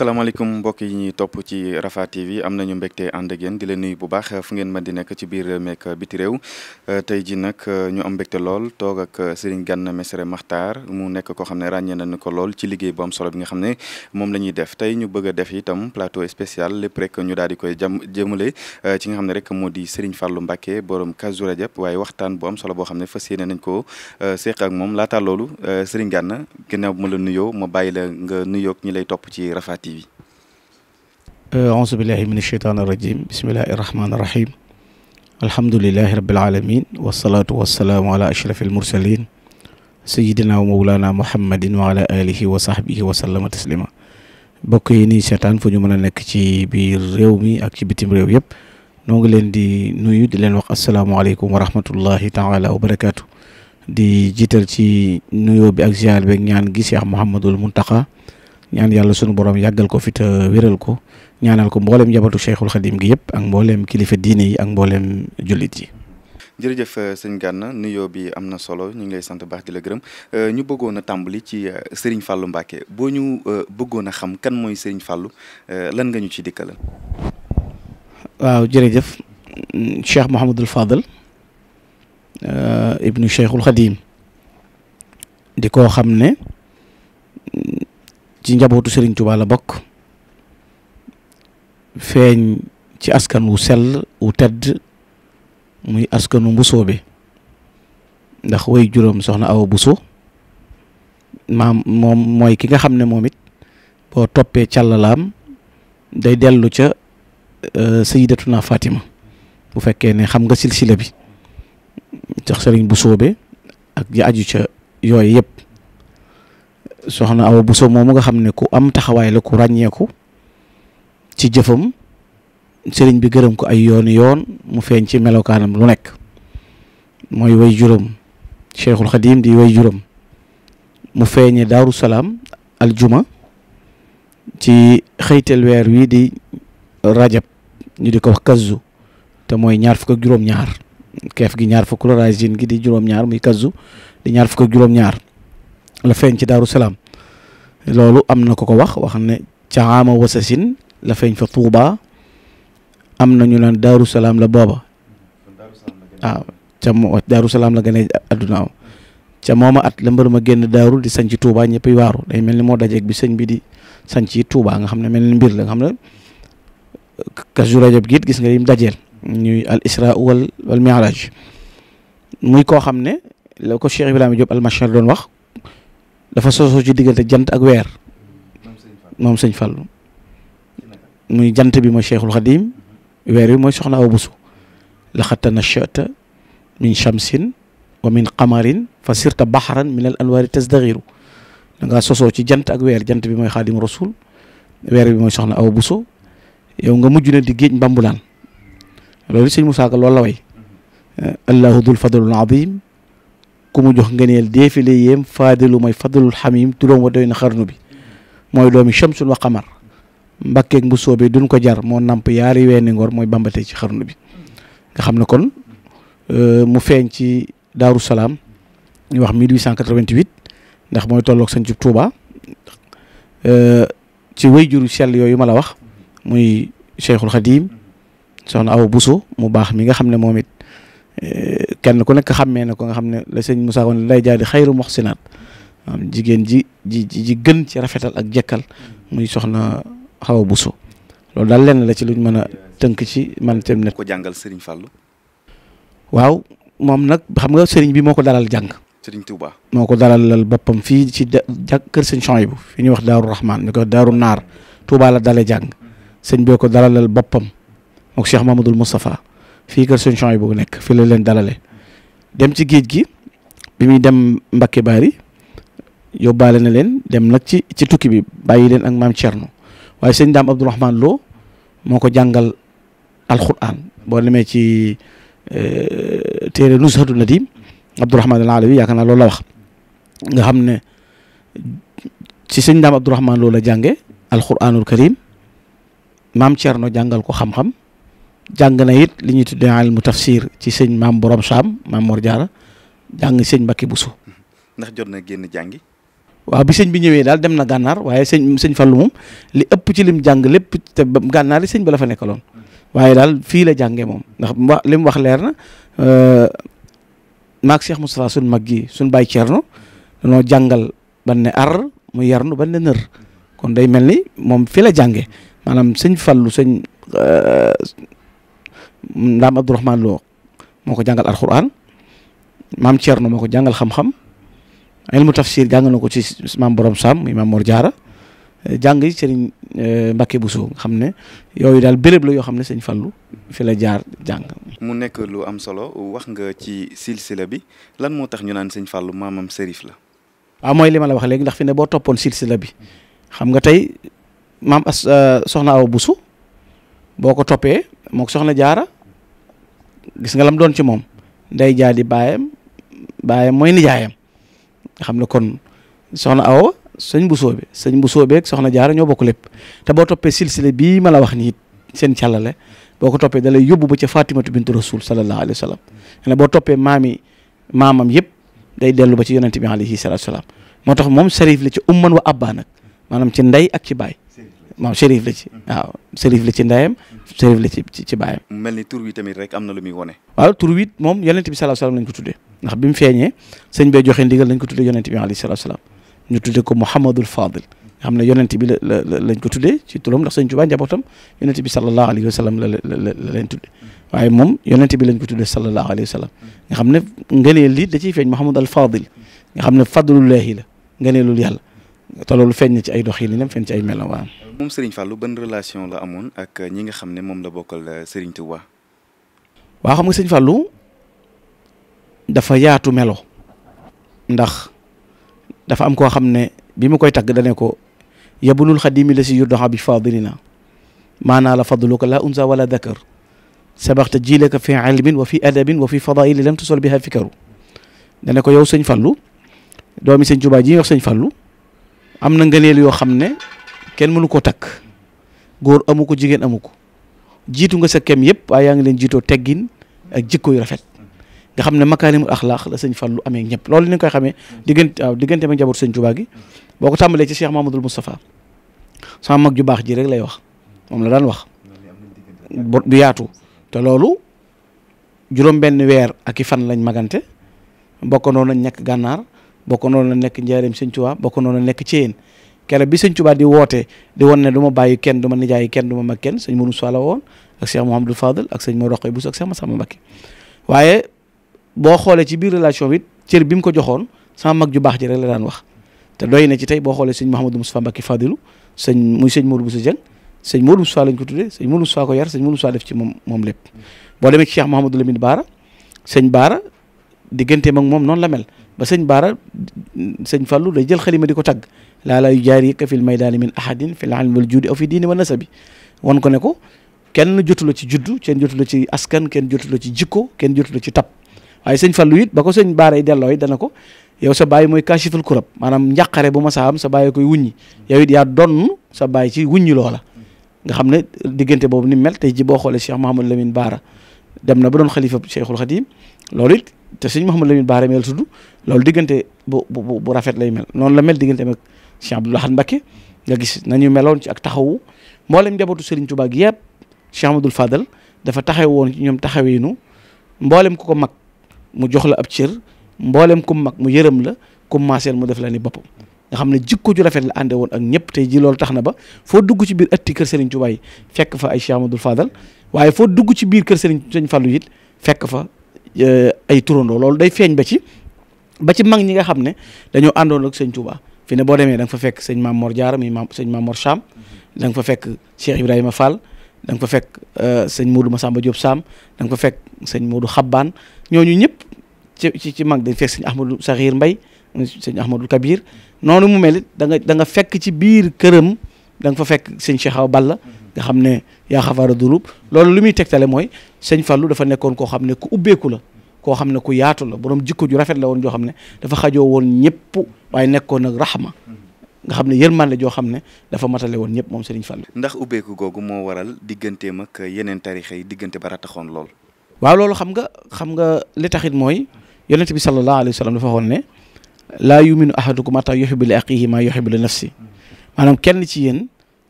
salaamaaleykum mbokk yi ñuy topp ci Rafah TV am nañu mbégte ànd ak yéen di leen nuy bu baax fu ngeen mën di nekk ci biir meek biti réew euh, tey ji nag euh, ñu am mbégte lool toog ak euh, Serigne Gana Messere Makhtar mu nekk koo xam ne ràññee nañu ko lool ci liggéey bu solo bi nga xam ne moom la def tey ñu bëgg itam plateau spécial lépp rek ñu daal di koy jam jëmale ci nga xam ne rek moo di Serigne Fallou Mbacké borom Kazu Rajab waaye waxtaan bu solo boo xam ne fas yéene nañ ko seq ak moom laataa loolu Serigne ganna ginnaaw bu ma la nuyoo ma bàyyi la nga nuyoog ñi lay topp ci Rafah TV TV. Euh, aouzu billahi min asheytaani rajim bismillahi rahmaani rahim alhamdulilahi rabil aalamiin wasalaatu wasalaamu ala ashrafil mursaliin sayyidina wa mawlaana muhammadin wa ala alihi wa sahbihi wa sallama taslima bokk yi nii seetaan fu ñu mën a nekk ci biir réew mi ak ci bitim réew yëpp noo ngi leen di nuyu di leen wax asalaamaaleykum wa rahmatullahi taala wa barakaatu di jiital ci nuyoo bi ak ziar beeg ñaan gi Cheikh Mouhamadul Mountakha. ñaan yàlla sunu borom yàggal ko fi te wéral ko ñaanal ko mbooleem njabootu Cheikhul Khadim gi yëpp ak mbooleem kilifa diine yi ak mbooleem jullit yi. jërëjëf euh, sëñ Gana nuyoo bi am na solo ñu ngi lay sant baax di la gërëm euh, ñu bëggoon a tàmbali ci euh, Serigne fàllu Mbacké boo ñu bëggoon a xam kan mooy Serigne Fallou lan nga ñu ci dikkalal. waaw jërëjëf mm, Cheikh Mouhamadul Fadal ibnu Cheikhul Khadim di ko xam ne. ci njabootu sëriñ Touba bokk feeñ ci askan wu sel wu tedd muy askanu mbusoo bi ndax way juróom soxna awa buso maam moom mooy ki nga xam ne moom it boo toppee càllalaam day dellu ca euh, sayidatuna Fatima bu fekkee ne xam nga silsila bi tax sëriñ bu soobe ak ji aju ca yooyu yëpp soxna Awa Bousso moomu nga xam ne ku am taxawaay la ku ràññeeku ci jëfam sëriñ bi gërëm ko ay yoon yoon mu feeñ ci melokaanam lu nekk mooy woy juróom Cheikhul Khadim di woy juróom mu feeñe Daaru Salaam aljuma ci xëytel weer wii di rajab ñu di ko wax kazu te mooy ñaar fukk juróom-ñaar keef gi ñaar fukk la racine gi di juróom-ñaar muy kazu di ñaar fukk juróom-ñaar la feeñ ci daaru salaam loolu am na ko ko wax wax ne caama wasasin la feeñ fa tuuba am na ñu naan daaru salaam la booba waaw ah, ca moo daaru salaam la gane àdduna am ca mooma at la mbër ma génn daaru di sanc tuuba ñëpp yi waaru day mel ni moo dajeeg bi sëñ bi di sanc yi tuuba nga xam ne mel ni mbir la nga xam ne kasu rajab gi it gis nga yim dajeel ñuy al isra wal wal muy koo xam ne la ko Cheikh Ibrahima Diop al Machar doon wax dafa sosoo ci diggante jant ak weer moom sëñ Fallou muy jant bi mooy Cheikhul Khadim weer bi mooy soxna aw laxata na nachata min shamsin wa min qamarin fa sirta baxaran min al anwaari tasdaxiru sosoo ci jant ak weer jant bi mooy xaadim rasul weer bi mooy soxna aw busu yow nga mujj na di géej mbambulaan loolu sëñ Moussa Ka loolu la way allahu dul fadlul azim ku mu jox ngëneel déefile yéem faadilu mooy fadlul xamim turóom wa doy na xarnu bi mooy doomi shamsun wa xamar mbakkeeg bu soobee duñ ko jar moo namp yaari weeni ngor mooy bambatee ci xarnu bi nga xam ne kon euh, mu feeñ ci daaru salaam ñu wax 1888 ndax mooy tolloog sañ ci Touba euh, ci wayjuru sell yooyu ma la wax muy Cheikhul Khadim soxna Awa Bousso mu baax mi nga xam ne moom it kenn ku nekk xàmmee na ko nga xam ne la sëñ Moussa woon lay jaay di xayru moxsinaat jigéen ji ji ji gën ci rafetal ak jekkal muy soxna Awa Bousso loolu daal lenn la ci luñ mën a tënk ci man tam ne ko jàngal Serigne Fallou. waaw moom nag xam nga Serigne bi moo ko dalal jàng. Serigne Touba moo ko dalalal boppam fii ci jàng kër sëñ Chouaïbou fi ñuy wax Daaru Rahman ñu ko Daaru Naar Touba la dale jàng sëñ boo ko fii kër sëñ Chouaïbou bu nekk fii la leen dalale dem ci géej gi bi muy dem Mbakke Baari yóbbaale na leen dem nag ci ci tukki bi bàyyi leen ak maam Thierno waaye sëñ Daam Abdourahman Lo moo ko jàngal alxuraan boo demee ci euh, téere Nuzhatu Nadim Abdourahman al Alawi yaakaar naa loolu la wax nga xam ne ci sëñ Daam Abdourahman Lo la jànge alxuraanul karim maam Thierno jàngal ko xam-xam. jàng na it li ñuy tuddee ilmu tafsir ci sëñ maam borom saam maam Mor Diarra jàng sëñ Mbacke Bousso. ndax jot na génn jàngi. waaw bi sëñ bi ñëwee daal dem na gànnaar waaye sëñ sëñ Fallou moom li ëpp ci lim jàng lépp te gànnaar yi sëñ ba la fa nekkaloon waaye daal fii la jàngee moom ndax li mu wax leer na euh, maag Cheikh Moustapha suñ mag gi suñ bàyyi Thierno danoo jàngal ba ne ar mu yarnu ba ne nër kon day mel ni moom fii la jàngee maanaam sëñ Fallou sëñ. Euh, ndaam Abdourahman Lo moo ko jàngal alxuraan maam Thierno moo ko jàngal xam-xam ilmu tafsir jàng na ko ci maam borom Sam muy maam Mor jaara jàng yi sëriñ euh, Mbacke Bousso nga xam ne yooyu daal béréb la yoo xam ne sëñ Fallou fi la jaar jàng. mu nekk lu am solo wax nga ci silsila bi lan moo tax ñu naan sëñ Fallou maamam sërif la. waaw ah, mooy li ma la wax léegi ndax fi ne boo toppoon si bi xam nga tey maam as euh, soxna Awa Bousso boo ko toppee. mook soxna jaara gis nga lam doon ci moom nday jaa baayam baayam mooy nijaayam nga xam ne kon soxna awa sëñ bu soobe sëñ bu soobeeg soxna jaara ñoo bokk lépp te boo toppee silsile bii ma la wax nii seen càllale boo ko toppee da lay yóbbu ba ca fatimatu bintu rasul sallallahu alayhi wa sallam ne boo toppee maami maamam yëpp day dellu ba ci yonente bi alayhi salatu salaam moo tax moom sharif la ci umman wa abba nag maanaam ci ndey ak ci baay moom shérif la ci mhm. waaw shérif la ci ndeyam shérif mhm. la ci ci baayam. mu mel ni tur wi tamit rek am na lu wone. waaw tur moom yonent bi sallallahu alayhi wasallam lañ ko tuddee ndax bi mu feeñee sëñ ko tuddee yonent bi ñu tuddee ko Muhammadul Fadil nga xam ne la lañ ko tuddee ci turam ndax sëñ Tuubaa njabootam yonent bi la la la leen tuddee mhm. waaye moom yonent bi la ko tuddee sallallahu alayhi wasallam nga xam ne ngëneel li da ciy feeñ Muhammadul Fadil nga xam ne fadlullahi la ngëneelul yàlla te loolu feeñ na ci ay dox yi ni dem feeñ ci ay melam moom Serigne Fallou ban relation la amoon ak ñi nga xam ne moom la bokkal euh, Serigne Touba. waa xam nga sëñ Fallou dafa yaatu melo. ndax dafa am koo xam ne bi mu koy tagg dane ko yabunul xadimi la si yurdoxa bi fadilina maanaa la fadluka la unsa wala dakar sabaxta jilaka fi ilmin wa fi adabin wa fi fadaili lam tusol biha fikaru dane ko yow sëñ Fallou doomi sëñ Tuubaa ji wax sëñ Fallou am na ngëneel yoo xam ne kenn mënu ko takk góor amu ko jigéen amu ko jiitu nga sa kem yëpp waaye yaa ngi leen jiitoo teggin ak jikko yu rafet nga xam ne makaarimul axlaax la sëñ Fallu amee ñëpp loolu ni koy xamee diggante waaw diggante ma njaboot sëñ Tuubaa gi boo ko tàmbalee ci Cheikh Mamadul Moustapha sama mag ju baax ji rek lay wax moom la daan wax bu yaatu te loolu juróom benn weer aki fan lañ magante bokkandoo ñekk nekk gànnaar bokkandoo nañ nekk njaareem sëñ Tuubaa bokkandoo nañ nekk Ceyeen kere bi sëñ Tuubaa di woote di won ne du ma bàyyi kenn du ma nijaayi kenn du ma mag kenn sëñ Mourou Sow la woon ak Cheikh Mouhamadou Fadel ak sëñ Mor Roqay Bousso ak Cheikh Massamba Mbacké boo xoolee ci biir relation bi cër bi mu ko joxoon sama mag ju baax ji rek la daan wax te doy na ci tey boo xoolee sëñ Mouhamadou Moustapha Mbacké Fadilu sëñ muy sëñ Mourou Bousso Dieng sëñ Mourou Moustapha lañ ko tuddee sëñ Mourou Moustapha ko yar sëñ def ci moom moom lépp boo demee ci Cheikh Mouhamadou Lamine Baara sëñ Baara diggante ak moom noonu la mel ba sëñ Baara sëñ fallu day jël xalima di ko tagg laa laa yu jaarika fil maydaani min ahadin fil ilmi wal juudi aw fi diini wa nasabi wan ko ne ko kenn jotu la ci juddu kenn jotu la ci askan kenn jotu ci jikko kenn jotu la ci tab waaye sëñ fallu yit ba ko sëñ Baara yi delloo it dana ko yow sa baay mooy kaashiful kurab maanaam njàqare bu ma saa am sa baay koy wuññi yow it yaa donn sa baay ci wuññi loola nga xam ne diggante boobu ni mel tey ji boo xoolee Cheikh Mouhamadou Lamine Baara dem na ba doon xalifa Cheikhul Khadim loolu it te sëñ Mouhamadou Lamine Baara mel tudd loolu diggante bu bu bu rafet lay mel noonu la mel diggante mag Cheikh Abdoul Ahad Mbacké nga gis nañu meloon ci ak taxawu mboolem njabootu Serigne Touba gi yëpp Cheikh Amadou Fadal dafa taxaw woon ci ñoom taxaweenu mboolem ku ko mag mu jox la ab cër mboolem ku mag mu yërëm la commencé mu def la ni boppam. nga xam ne jikko ju rafet la ànde ak ñëpp tey ji loolu tax na foo dugg ci biir ëtti kër Serigne Touba yi fa ay Cheikh Amadou Fadal waaye foo dugg ci biir kër Serigne Serigne Fallou it fekk fa. ay turandoo loolu day feeñ ba ci ba ci mag ñi nga xam ne dañoo àndoon ak sëñ Touba fi ne boo demee da nga fa fekk sëñ Maam Mor Diarra mi maam Maam Mor Cham da nga fa fekk Cheikh Ibrahima Fall da nga fa fekk euh, sëñ Modou Massamba Diop Sam da nga fa fekk sëñ Modou Xabbaan ñooñu ñëpp ci ci mag dañ fekk sëñ Ahmadou Sakhir Mbay sëñ Ahmadou Kabir noonu mu mel it da nga da nga fekk ci biir këram da nga fa fekk sëñ Cheikh Awa Balla nga xam ne yaa xafaara durub loolu li muy tegtale mooy sëñ Fallou dafa nekkoon koo xam ne ku ubbeeku la koo xam ne ku yaatu la borom jikko ju rafet la woon joo xam ne dafa xajoo woon ñëpp waaye nekkoon ak raxma nga xam ne yërmande joo xam ne dafa matale woon ñëpp moom Serigne Fallou. ndax ubbeeku googu moo waral digganteem ak yeneen tarixa yi diggante ba rataxoon lool. waaw loolu xam nga xam nga li taxit mooy yonent bi sallallahu alayhi wa sallam dafa waxoon ne laa yuminu ahadukum hatta yuhibbu li axiihi maa yuhibbu li nafsi maanaam kenn ci yéen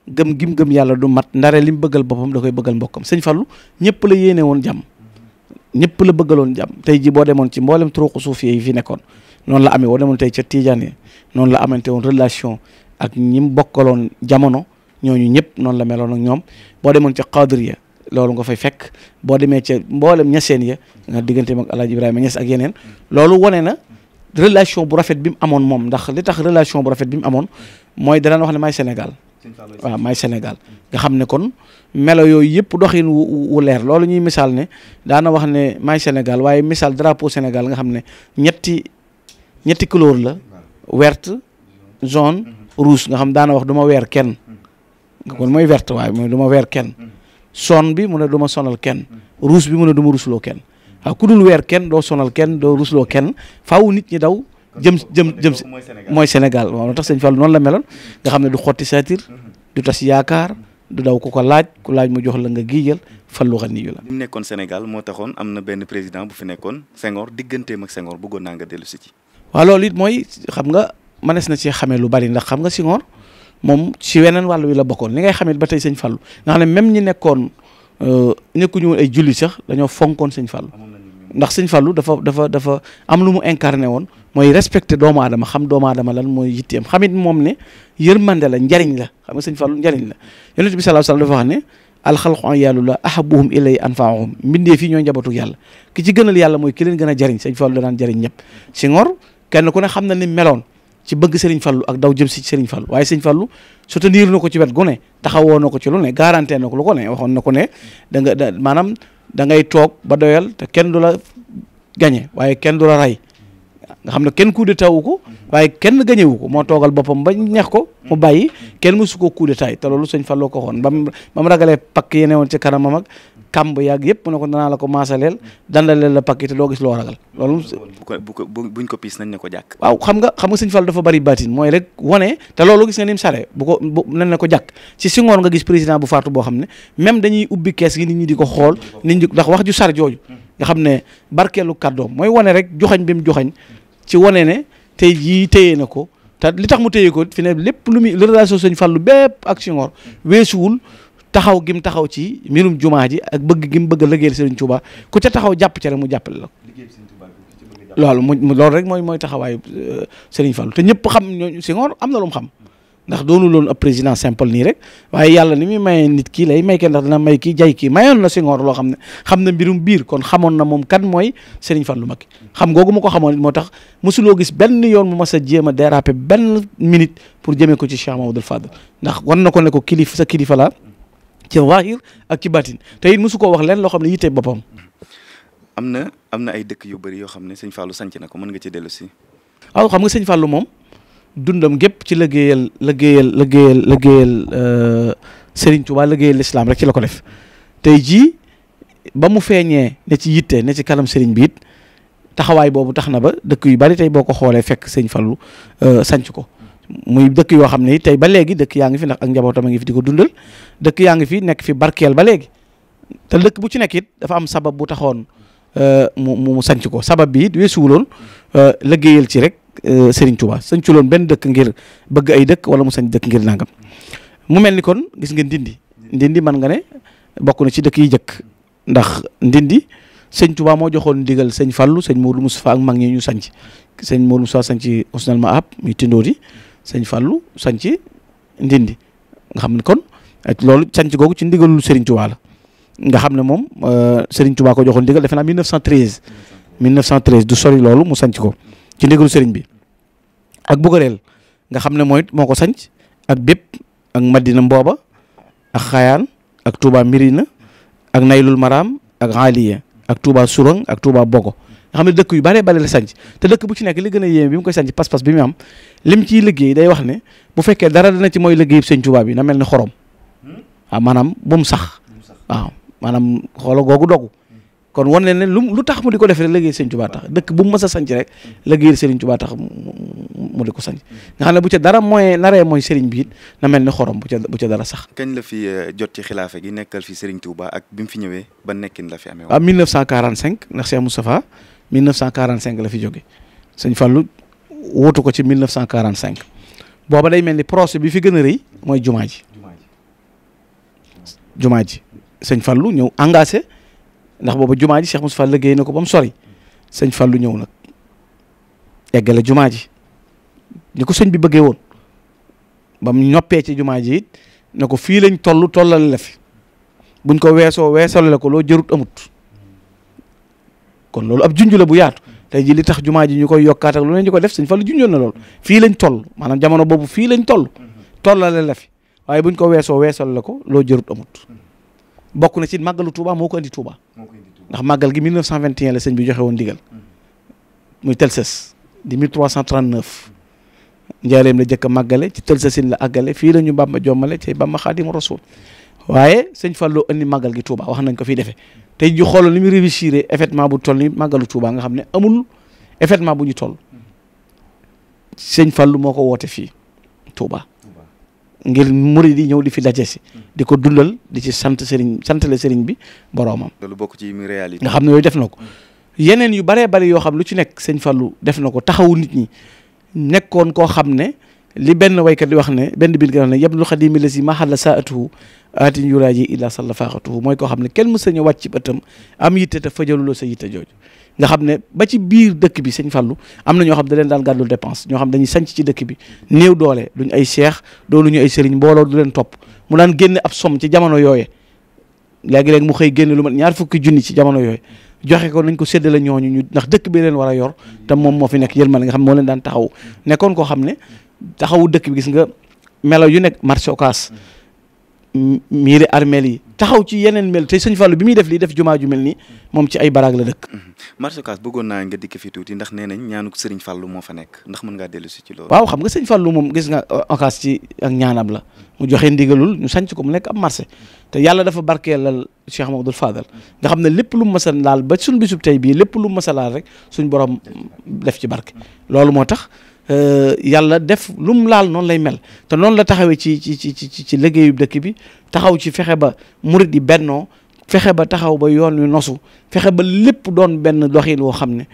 gëm gim gëm yàlla du mat ndare lim bëggal boppam da koy bëggal mbokkam sëñ Fallou ñëpp la yéene woon jàmm ñëpp la bëggaloon jam tey ji boo demoon ci mboolem turuqu suufi yi fi nekkoon noonu la amee boo demoon tey ca Tidiane yi noonu la amante woon relation ak ñi mu bokkaloon jamono ñooñu ñëpp noonu la meloon ak ñoom boo demoon ca Qadiriya loolu nga fay fekk boo demee ca mboolem ñaseen ya nga diggante ak El Hadj Ibrahima Niass ak yeneen loolu wane na relation bu rafet bi mu amoon moom ndax li tax relation bu rafet bi mu amoon mooy danañ wax ne maay Sénégal. waaw may Sénégal nga xam ne kon melo yooyu yëpp doxin wu leer loolu ñuy misaal ne daana wax ne maay Sénégal waaye misaal drapeau Sénégal nga xam ne ñetti ñetti couleur la verte jaune mm-hmm. rouge nga xam daana wax du ma weer kenn mm-hmm. kon mooy verte waaye mooy du ma weer kenn son mm-hmm. bi mu ne du ma sonal kenn rouge bi mu ne du ma rusloo kenn waaw ku dul weer kenn doo sonal kenn doo rusloo kenn faaw nit ñi daw jëm jëm jëm si mooy Sénégal waaw moo tax sëñ Fallou noonu la meloon nga xam ne du xotti saatir mm-hmm. du tas yaakaar du daw ku ko laaj ku laaj mu jox la nga giijal Fallou Ghaniyu la. li mu nekkoon Sénégal moo taxoon am na benn président bu fi nekkoon Senghor digganteem ak Senghor bëggoon naa nga dellu si ci. waaw mooy xam nga mënees na ci xamee lu bari ndax xam nga Senghor moom si weneen wàll wi la bokkoon li ngay xamee ba tey sëñ Fallou nga xam ne même ñi nekkoon euh, nekkuñu woon ay julli sax dañoo fonkoon sëñ Fallou. ndax sëñ Fallou dafa dafa dafa am lu mu incarné woon mooy respecté doomu aadama xam doomu aadama lan mooy yitteem xamit moom ne yërmande la njariñ la xam nga sëñ Fallou njariñ la yonent bi sallallahu alayhi wasallam dafa wax ne alxalqu an yàllu la ahabuhum ilay anfaahum mbindee fii ñooy njabootu yàlla ki ci gënal yàlla mooy ki leen gën a jariñ sëñ Fallou danaan jariñ ñëpp si ngor kenn ku ne xam na ni meloon ci bëgg Serigne Fallou ak daw jëm si Serigne Fallou waaye Serigne Fallou soutenir na ko ci wet gu ne taxawoo ko ci lu ne garanté ko lu da ngay toog ba doyal te kenn du la gañe waaye kenn du la rey nga xam ne kenn coup d'état wu ko waaye kenn gañe wu ko moo toogal boppam ba ñax ko mu bàyyi kenn musu ko coup d'état te loolu sëñ Fallou ko waxoon ba mu ba mu ragalee pakk yene woon ci kanamam ak kàmb yàgg yëpp mu ne ko danaa la ko maasaleel dandaleel la pakk te doo gis loo ragal loolu buñ ko piis nañ ne ko jàkk waaw xam nga xam nga sëñ Fall dafa bari baatin mooy rek wane te loolu gis nga ni mu sare bu ko nañ ne ko jàkk si si nga gis président bu faatu boo xam ne même dañuy ubbi kees nit ñi di ko xool nit ñi ndax wax ju sar jooju nga xam ne ko li tax mu téye ko fi ne lépp lu muy relation sëñ Fallu bépp ak si weesuwul taxaw gim taxaw ci mbirum jumaa ji ak bëgg gim bëgg a liggéeyal Serigne Touba ku ca taxaw jàpp ci rek mu jàppale la loolu mu loolu rek mooy mooy taxawaayu euh, Serigne fan ñëpp xam ñooñu Senghor am na lu mu xam ndax doonu loon président simple nii rek waaye yàlla ni muy maye nit kii lay may kenn ndax dana may kii jay kii mayoon na Senghor loo xam ne xam na mbirum biir kon xamoon na moom kan mooy Serigne Fallou Mbacké xam googu ma ko xamoon moo tax mosuloo gis benn yoon mu masa a jéem a benn minute pour jëmee ko ci Cheikh Mamadou Fadl ndax wan na ko ne ko kilifa sa kilifa la ci waahir ak ci baatin tey it mosu koo wax leen loo xam ne yitte boppam. am na am na ay dëkk yu bari yoo xam ne sëñ Fallou sanc na ko mën nga ci dellu si. waaw xam nga sëñ Fallou moom dundam gépp ci liggéeyal liggéeyal liggéeyal liggéeyal euh, Serigne Touba liggéeyal lislaam rek ci la ko def tey jii ba mu feeñee ne ci yitte ne ci kanam Serigne bi it taxawaay boobu tax na ba dëkk yu bari tey boo ko xoolee fekk sëñ Fallou euh, sanc ko. muy dëkk yoo xam ne tey ba léegi dëkk yaa ngi fi ndax ak njaboot a ngi fi di ko dundal dëkk yaa ngi fi nekk fi barkeel ba léegi te dëkk bu ci nekk it dafa am sabab bu taxoon euh, mu mu sanc ko sabab bi it weesuwuloon euh, liggéeyal ci rek euh, Serigne Touba sanculoon benn dëkk ngir bëgg ay dëkk wala mu sanc dëkk ngir nangam mu mel ni kon gis ngeen Ndindi Ndindi man nga ne bokk ci dëkk yi jëkk ndax Ndindi sëñ Touba moo joxoon ndigal sëñ fallu sëñ Modou Moustapha ak mag ñi ñu sanc sëñ Modou Moustapha sanc Ousnal Mahab muy Tindodi sëñ Fallou sanc Ndindi nga xam ne kon loolu sanc googu ci ndigalul Serigne Touba nga xam ne moom euh, Serigne Touba ko joxoon ndigal defe naa 1913 1913 du sori loolu mu sanc ko ci ndigalu Serigne bi ak Bugareel nga xam ne mooy moo ko sanc ak bépp ak maddina Mbooba ak Xayaan ak Touba Mirina ak Naylul Maram ak Aliya ak Touba Sourang ak Touba Bogo xam ne dëkk yu bare bare la te dëkk bu ci nekk li gën a yéeme bi mu koy sanc pas-pas bi mu am lim ciy liggéey day wax ne bu fekkee dara dana ci mooy liggéey sëñ Tuubaa bi na mel ni hmm? ah, maanaam bu mu sax waaw maanaam xoola googu dogu hmm. kon wan ne lu lu tax mu di ko defee rek liggéey dëkk bu mu mës a sanc rek hmm. liggéey sëriñ Tuubaa tax mu di ko sanc nga xam ne bu ca dara mooy naree mooy sëriñ bi na mel ni xorom bu ca bu ca dara sax kañ la fi eh, jot ci xilaafe gi nekkal fi sëriñ Tuubaa ak bi mu fi ñëwee ba nekkin la fi amee waaw ah, 1945 ndax Cheikh Moustapha 1945 la fi jóge sëñ fallu wutu ko ci 1945 booba day mel ni projet bi fi gën a rëy mooy jumaa ji jumaa ji sëñ Fallou ñëw engagé ndax booba jumaa ji Cheikh Moustapha géey na ko ba sori sëñ Fallou ñëw nag eggale jumaa ji ni ko sëñ bi bëggee woon ba mu noppee ci jumaa ji it ne ko fii lañ toll tollal la fi buñ ko weesoo weesal la ko loo jërut amut kon loolu ab junj bu yaatu te ji li tax jumaa ji ñu koy yokkaat ak lu ñu ko def sëñ Fallu junjoon na loolu fii lañ toll maanaam jamono boobu fii lañ toll tollale la fi waaye buñ ko weesoo weesal la ko loo jërut amut bokk na ci màggalu Touba moo ko indi Touba ndax màggal gi 1921 la sëñ bi joxe woon digal muy Telses di 1339 njaareem la jëkk a màggale ci Telsesin la àggale fii la ñu Bàmba jommale ci Bàmba Xaadimu Rasuul waaye sëñ Fallu indi màggal gi Touba wax nañ ko fii defee tey ji xoolal ni muy réussir effectivement bu toll ni màggalu Tuubaa nga xam ne amul effectivement bu ñu toll sëñ Fallu moo ko woote fii Tuubaa ngir murid di ñëw di fi daje si di ko dullal di ci sant sëriñ sant la sëriñ bi boroomam. loolu bokk ci muy réalité. nga xam ne yooyu def na ko yeneen yu baree bari yoo xam lu ci nekk sëñ Fallu def na ko taxawu nit ñi nekkoon koo xam ne li benn waykat di wax ne benn biir gi wax ne yablu xadimi la si mahalla saatuhu aatin yuraaji illa salla faaxatuhu mooy koo xam ne kenn mës a ñëw wàcc ci ëttam am yitte te fajaluloo sa yitte jooju nga xam ne ba ci biir dëkk bi sëñ Fallou am na ñoo xam da leen daan gàddu dépense ñoo xam dañuy sanc ci dëkk bi néew doole duñ ay seex doolu ñu ay sëriñ mbooloo du leen topp mu daan génne ab somm ci jamono yooye léegi leen mu xëy génne lu mat ñaar fukki junni ci jamono yooyu joxe ko nañ ko séddale ñooñu ñu ndax dëkk bi leen war a yor te moom moo fi nekk yërmal nga xam moo leen daan taxaw nekkoon koo xam ne taxawu dëkk bi gis nga melo yu nekk marché occas miiri armeel yi taxaw ci yeneen mel te sëñ Fallou bi muy def lii def jumaa ju mel nii moom ci ay baraag la dëkk. Mm-hmm. Marsoukass bëggoon naa nga dikk fi tuuti ndax nee nañ ñaanuk sëriñ Fallou moo fa nekk ndax mën ngaa dellu si ci loolu. waaw xam nga sëñ Fallou moom gis nga uh, Okaas ci ak ñaanam la mu joxe ndigalul ñu sanc ko mu nekk ab marché te yàlla dafa barkeelal Cheikh Mamadou Fadal nga xam ne lépp lu mu a laal ba suñ bisub tey bii lépp lu mu a laal rek suñ borom def ci barke mm-hmm. loolu Euh, yàlla def lu mu laal noonu lay mel te noonu la taxawee ci ci ci ci ci liggéeyu dëkk bi taxaw ci fexe ba murit yi bennoo fexe ba taxaw ba yoon wi nosu fexe ba lépp doon benn doxin woo xam ne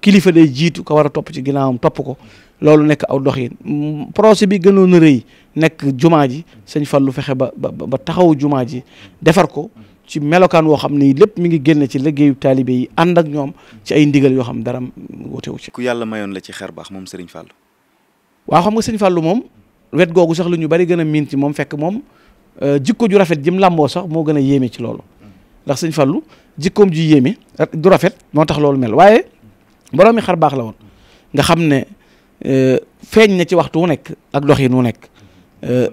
kilifa day jiitu ko war a topp ci ginnaawam topp ko loolu nekk aw doxin mm, projet bi gënoon a rëy nekk jumaa ji sëñ Fallu fexe ba ba ba taxaw jumaa ji defar ko ci melokaan woo xam nii lépp mi ngi génn ci liggéeyu taalibe yi ànd ak ñoom ci ay ndigal yoo xam dara wutewu ci ku yàlla mayoon la ci xeer baax moom Serigne Fallou waaw xam nga sëñ Fallou moom wet googu sax lu ñu bari gën a miin ci moom fekk moom euh, jikko ju rafet jëm làmboo sax moo gën a yéeme ci loolu ndax sëñ Fallou jikkoom ju yéeme du rafet moo tax loolu mel waaye borom mi xar baax la woon nga xam ne euh, feeñ na ci waxtu wu nekk ak dox yi nu nekk euh,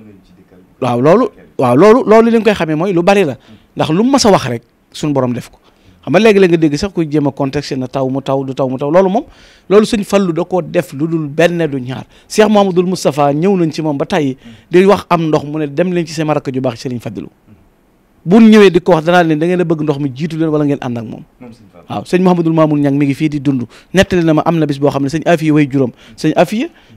waaw loolu waaw loolu loolu li koy xamee mooy lu bari la ndax lu mu mës a wax rek suñu borom def ko xam nga léegi-léeg nga dégg sax kuy jéem a contexte na taw mu taw du taw mu taw loolu moom loolu sëñ Fallu da koo def lu dul benn du ñaar Cheikh Mamadou Moustapha ñëw nañ moom ba tey di wax am ndox mu ne dem ci sama rakk ju baax Sëriñ Fadilu bu ñëwee di ko wax danaa leen da ngeen ndox mi jiitu leen wala di dund nettali na ma a na bis boo xam ne sëñ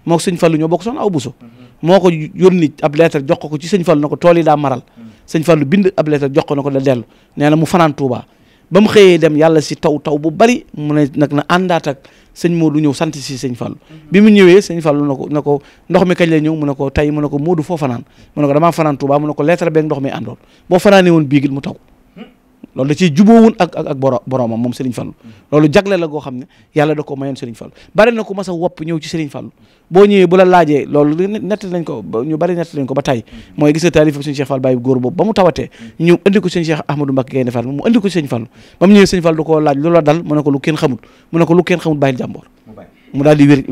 moo ko sëñ Fallu ñoo bokk aw buso mhm. moo ko yónni ab lettre jox ko ci Fallu na ko tool yi daa maral mhm. sëñ Fallu bind ab lettre jox ko na ko da dellu nee ba mu xëyee dem yàlla si taw taw bu bari mu ne nag na àndaat ak sëñ Modou ñëw sant si sëñ Fallou mm-hmm. bi mu ñëwee sëñ Fallou na ko na ko ndox mi kañ la ñëw mu ne ko tey mu ne ko Modou foo fanaan mu ne ko dama fanaan Touba mu ne ko lettre beeg ndox mi àndoon boo fanaanee woon biigil mu taw hmm? loolu da ciy jubóowun ak ak ak boromam moom Serigne Fallou hmm. loolu jagle la goo xam ne yàlla da ko mayoon Serigne Fallou bari na ko mas a ñëw ci Serigne Fallou boo ñëwee bu la laajee loolu nett nañ ko ñu bari nett nañ ko ba tey mm-hmm. mooy gis nga taalif suñu Cheikh Fall Baye góor boobu ba tawatee mm-hmm. ñu indi ko suñu Cheikh Ahmadou Mbacké Gaynde Fall mu indi ko suñu mu ñëwee suñu Fall du ko laaj lu la mu ne ko lu mu ne ko lu kenn xamul mu daal di wér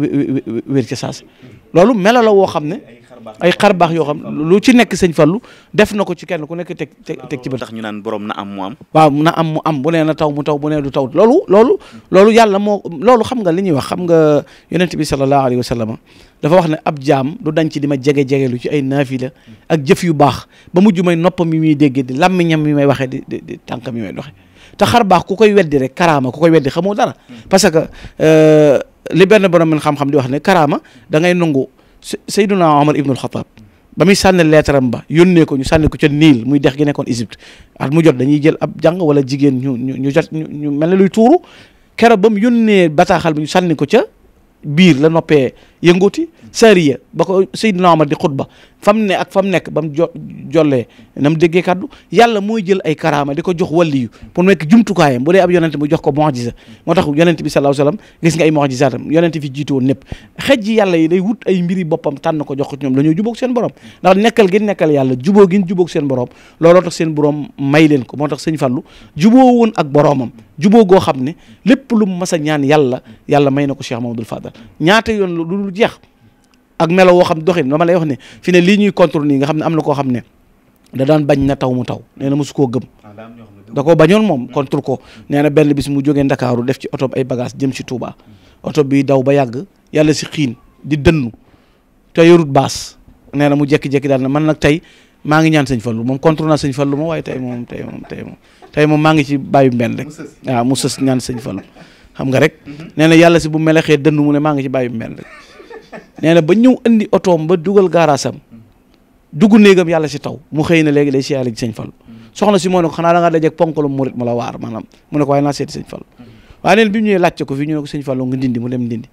wér ci saas mm-hmm. loolu mela la woo xam ne ay xar baax yoo xam lu ci nekk sëñ Fallou def na ko ci kenn ku nekk teg teg ci bët tax ñu naan borom na am mu am waaw na am mu am bu nee na taw mu taw bu nee du taw loolu loolu yàlla moo loolu xam nga li ñuy wax xam nga yonent bi sallallahu alayhi wa sallam dafa wax ne ab jaam du dañ ci di ma jege lu ci ay naafila ak jëf yu baax ba mujj may noppam mi muy déggee di làmmiñam mi may waxee di di tànk mi may doxee te xar baax ku koy weddi rek karaama ku koy weddi xamoo dara hmm. parce que euh, li benn borom min xam-xam di wax ne karaama da ngay Seyduna Omar ibnul Xataab ba muy sànni leetaram ba yónnee ko ñu sànni ko ca Niil muy dex gi nekkoon Égypte at mu jot dañuy jël ab jàng wala jigéen ñu ñu ñu jot ñu mel ne luy tuuru keroog ba mu yónnee bataaxal bi ñu sànni ko ca biir la noppee yënguuti sariya ba ko Seydina Omar di xutba fa mu ne ak fa mu nekk ba mu jo jollee na mu déggee kaddu yàlla mooy jël ay karaama di ko jox waliyu pour nekk jumtukaayam bu dee ab yonent mu jox ko mu'jiza moo tax yonent bi sallallahu alayhi wasallam gis nga ay mu'jizaatam yonent fi jiitu woon népp xej ji yàlla yi day wut ay mbiri boppam tànn ko jox ko ci ñoom dañoo jubóog seen borom ndax nekkal gi nekkal yàlla jubóo gi jubóog seen borom looloo tax seen borom may leen ko moo tax sëñ Fallu jubóo woon ak boromam jubóo goo xam ne lépp lu mu mas a ñaan yàlla yàlla may na ko Cheikh Mamadou Fadal ñaata yoon lu lu jeex ak melo woo xam doxin dama lay wax ne fi ne lii ñuy contre nii nga xam ne am na koo xam ne da daan bañ na taw mu taw nee na mosu koo gëm ah, da koo bañoon moom contre ko nee na benn bis mu jógee ndakaaru def oto ay bagage jëm ci Touba oto bi daw ba yàgg yàlla si xiin di dënnu te yorut baas nee na mu jekki-jekki daal na man nag tey maa ngi ñaan sëñ Fallou moom contre naa sëñ Fallou moom waaye tey moom tey moom tey moom ngi ci bàyyi mbenn rek waaw mu sës ñaan sëñ Fallou xam nga rek mhm. nee na yàlla si bu melexee dënn mu ne maa ngi ci bàyyi mbenn rek nee na ba ñëw indi otoom ba dugal gaaraasam dugg néegam yàlla si taw mu xëy na léegi day siyaare ji sëñ Fall soxna si moo ne xanaa da ngaa dajeeg ponkalum murit mu la waar maanaam mu ne ko waaye naa seeti sëñ Fall waaye neen bi mu ñëwee laajte ko fii ñu ne ko nga ndindi mu dem ndindi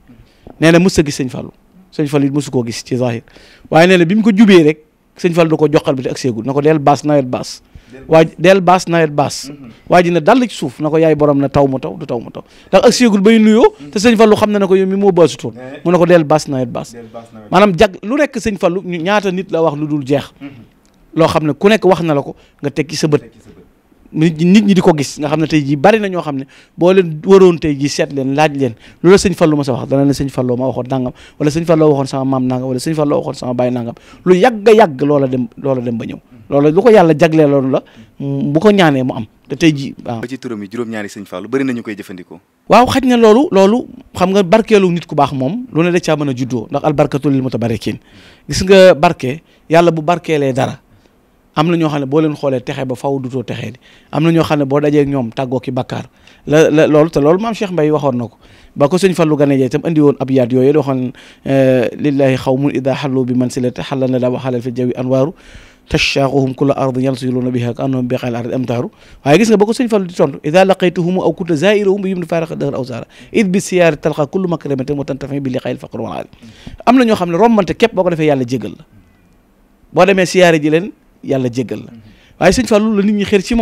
nee na mës a gis sëñ Fall sëñ koo gis ci zahir waaye nee na bi mu ko jubee rek sëñ Fall da ko joxal bi te ak seegul na ko del baas nawet baas waaj del baas nawet baas mhm. waa ji ne dal ci suuf na ko yaay borom ne taw mu taw du taw mu taw ndax ak séegul bay nuyoo mhm. te sëñ Fallu xam na ne ko yow mi moo baasutoon eh. mu ne ko del baas nawet baas maanaam jag lu nekk sëñ Fallu ñaata nit la wax lu dul jeex mhm. loo xam ne ku nekk wax na la ko nga tekki sa bët nit ñi di ko gis nga xam ne tey jii bari na ñoo xam ne boo leen waroon te jii seet leen laaj leen loolu sëñ Fallou ma sa wax dana ne sëñ Fallou ma waxoon nangam wala sëñ Fallou waxoon sama maam nangam wala sëñ Fallou waxoon sama baay nangam lu yàgg a yàgg loola dem loola dem ba ñëw loolu lu ko yàlla jagle jagleeloon la bu ko ñaanee mu am te tey jii waaw. ba ci turam yi juróom-ñaari sëñ Fallou bëri nañu koy jëfandikoo. waaw xaj na loolu loolu xam nga barkeelu nit ku baax moom lu ne da caa mën a juddoo ndax albarkatu lil mutabarikin gis nga barke yàlla bu barkeelee dara am na ñoo xam ne boo leen xoolee texe ba faw dutoo texee di am na ñoo xam ne boo dajee ñoom tàggoo ki bakkaar la la loolu te loolu maam Cheikh Mbaye waxoon na ko ba ko sëñ Fallou Gane jee itam andi woon ab yaat yooyu doo xam eh, lillahi xawmun ida xallu bi mansilati xalla na daa waxalal fi jawi anwaaru tashaaquhum kulla ardin yansiluuna biha ka annahum bi xayl ardi amtaaru waaye gis nga ba ko sëñ Fallu di tontu ida laqaytuhum aw kunta zairahum bi yumni faaraqa dahar aw saara id bi siyaari talqa kullu makramatin wa tantafi bi liqayl faqr wal aali am na ñoo xam ne rombante képp boo ko defee yàlla jégal la boo demee siyaare ji leen yàlla la waaye sëñ Fallu la nit ñi xër ci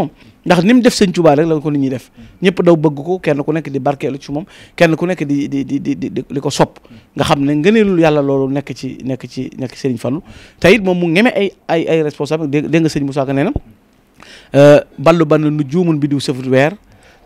ndax ni mu def sëñ Tuubaa rek la ko nit ñi def ñëpp daw bëgg ko kenn ku nekk di barkeelu ci moom kenn ku nekk di di di di di ko sop nga xam ne ngëneelul yàlla loolu nekk ci nekk ci nekk Sëriñ Fallu te it moom mu ngeme ay ay ay responsable dégg nga sëñ Moussa Ka nee na euh, ballu bann nu juumun bi diw sëfut weer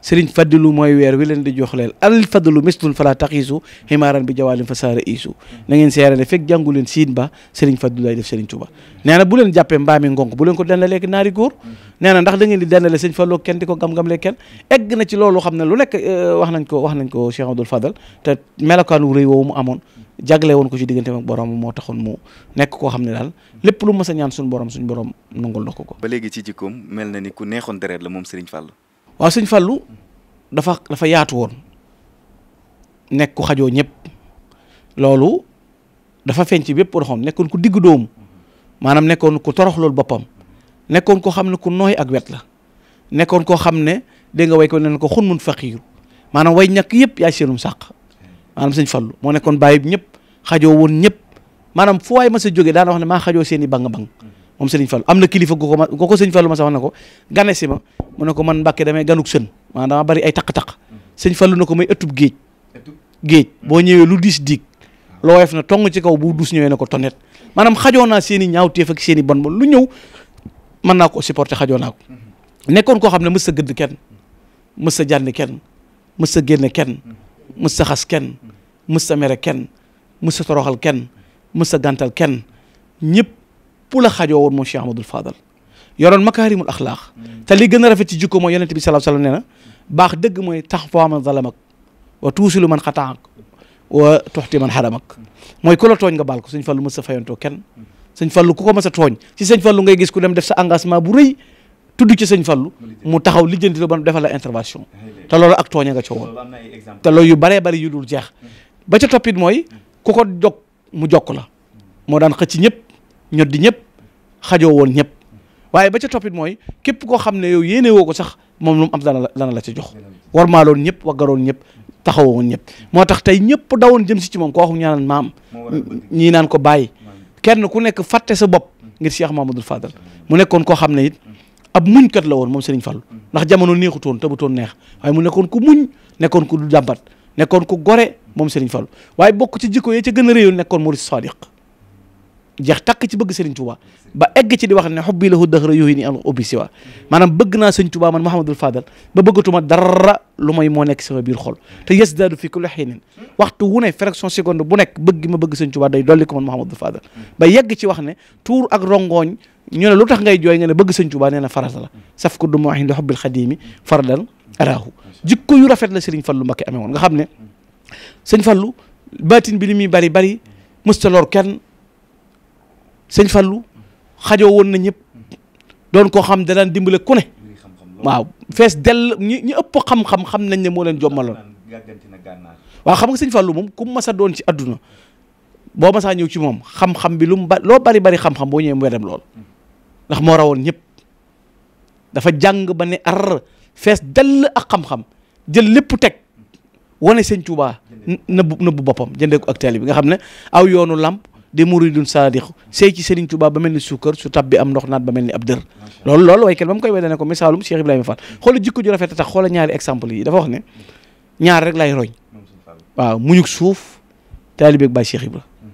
sëriñ faddilu mooy weer wi leen di jox leel al fadlu mislun fala taxiisu ximaaran bi jawaalin fa saara iisu na ngeen seere ne fekk jàngu siin ba seriñ faddilu lay def sëriñ Tuuba nee na bu leen jàppee mbaami ngonk bu leen ko dendalee naari góor nee na ndax da ngeen di dendale sëñ Fallou kenn di ko gam-gamle kenn egg na ci loolu xam ne lu nekk eh, wax nañ ko wax nañ ko Cheikh Abdoul te melokaan wu rëy woowu mu amoon jagle woon ko ci diggante ak borom moo taxoon mu nekk koo xam ne daal lépp lu mës a ñaan borom suñu borom nangul ko ko ba léegi ci jikkoom mel na ni ku neexoon deret moom sëriñ Fallou waaw sëñ Fallou dafa dafa yaatu woon nekk ku xajoo ñëpp loolu dafa feeñ ci bépp roxam nekkoon ku diggu doomu maanaam nekkoon ku torox loolu boppam nekkoon koo xam ne ku nooy ak wet la nekkoon koo xam ne dégg nga way ko nen ko xun mun faqiiru maanaam way ñàkk yëpp yaay seenum saq maanaam sëñ Fallou moo nekkoon bàyyi ñëpp xajoo woon ñëpp maanaam fu waay ma sa jógee daana wax ne maa xajoo seeni i bang bang moom Serigne Fallou am na kilifa gu ko ma gu ko Serigne Fallou ma sax na ko gane si ma mu ne ko man Mbàkke ganuk sën maanaam dama bari ay taq-taq Serigne Fallou na ko may ëttub géej hmm. boo ñëwee lu diis diig ah. loo woyof na tong ci kaw bu dus ñëwee na ko tonnet maanaam xajoo naa seen i ñaawteef seeni seen bon bon lu ñëw man naa ko supporter xajoo naa ko hmm. nekkoon koo xam ne mës sa gëdd kenn mës sa jànni kenn mës sa génne kenn hmm. mës sa kenn mës sa mere ken mës sa toroxal kenn mës sa gàntal kenn ñëpp ñëpp la xaajoo woon moom Cheikh Ahmadul Fadal yoroon makaarimul axlaax te li gën a rafet ci jikko mooy yonent bi sallallahu alayhi wasallam nee na baax dëgg mooy tax foo man zalamak wa tuusilu man xataaak wa tuxti mooy ku la tooñ nga baal ko sëñ Fallu mës sa fayantoo kenn sëñ ko mës a tooñ ci sëñ Fallu gis ku dem def sa engagement bu rëy tudd ci sëñ Fallu mu taxaw lijjanti la ba defal la intervention te loolu ak tooña nga ca woon te loolu yu baree bari yu dul jeex ba ca toppit mooy koko ko jog mu jokk la moo daan xëcc ñëpp ñod di ñëpp xajoo woon ñëpp waaye ba ca toppit mooy képp koo xam ne yow yéene woo ko sax moom lu am dana la dana la ca jox warmaaloon ñëpp waggaroon ñëpp taxawoon ñëpp moo tax tey ñëpp dawoon jëm si ci moom ko waxu ñaanal maam ñii naan ko bàyyi kenn ku nekk fatte sa bopp ngir Cheikh Mamadou Fadal mu nekkoon koo xam ne it ab muñkat la woon moom Serigne Fallou ndax jamono neexutoon te bu toon neex waaye mu nekkoon ku muñ nekkoon ku du jàmbat nekkoon ku gore moom Serigne Fallou waaye bokk ci jikko yee ca gën a réyoon nekkoon murid sadiq jeex takk ci bëgg Serigne Touba ba egg ci di wax ne xubbi lahu dëxra yooyu ni al ubbi siwa maanaam bëgg naa Serigne man Mouhamadul Fadal ba bëggatuma dara lu may moo nekk sama biir xol yasdaadu fi kulli xiinin waxtu wu ne fraction seconde bu nekk bëgg gi day dolli ko man Mouhamadul Fadal ba yegg ci wax ne tuur ak rongooñ ñu ne lu tax ngay jooy nga ne bëgg Serigne Touba nee na farata la saf ko du ma waxin li xubbil xadiimi faradan araahu jikko yu rafet sëñ Fallou xajoo woon na ñëpp doon ko xam danaan dimbale ku ne waaw fees dell ñi ëpp xam-xam xam nañ ne moo leen jommaloon waaw xam nga sëñ fallu moom ku masa doon ci adduna boo masaa ñëw ci moom xam-xam bi lu mu ba loo bari bari xam-xam boo ñëwee mu wedem lool hmm. ndax moo rawoon ñëpp dafa jàng ba ne ar fees dell ak xam-xam jël lépp teg wane sëñ Touba nëbb nëbb boppam jëndee ko ak teel bi nga xam ne aw yoonu làmp de muridun saadiq sëy ci Serigne Touba ba mel ni suukar su tab bi am ndox naat ba mel ni ab dër loolu loolu waykat ba mu koy wedee ne ko misaalum Cheikh Ibrahima Fall xoola jikko a rafet tax xoola ñaari exemple yi dafa wax ne ñaar rek lay roy waaw muñuk suuf taalibeeg Baay Cheikh Ibra hmm.